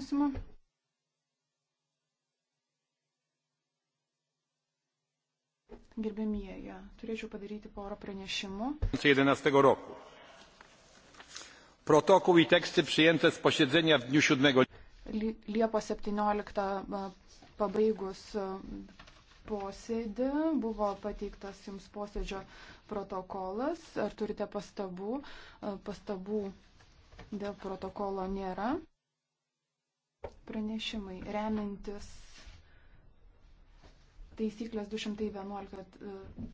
klausimu. Gerbėmieji, turėčiau padaryti porą pranešimų. 2011 roku. Protokół i teksty przyjęte z posiedzenia w dniu 7. Liepos 17 e, pabaigus e, posėdį buvo pateiktas jums posėdžio protokolas. Ar turite pastabų? E, pastabų dėl protokolo nėra pranešimai remintis taisyklės 211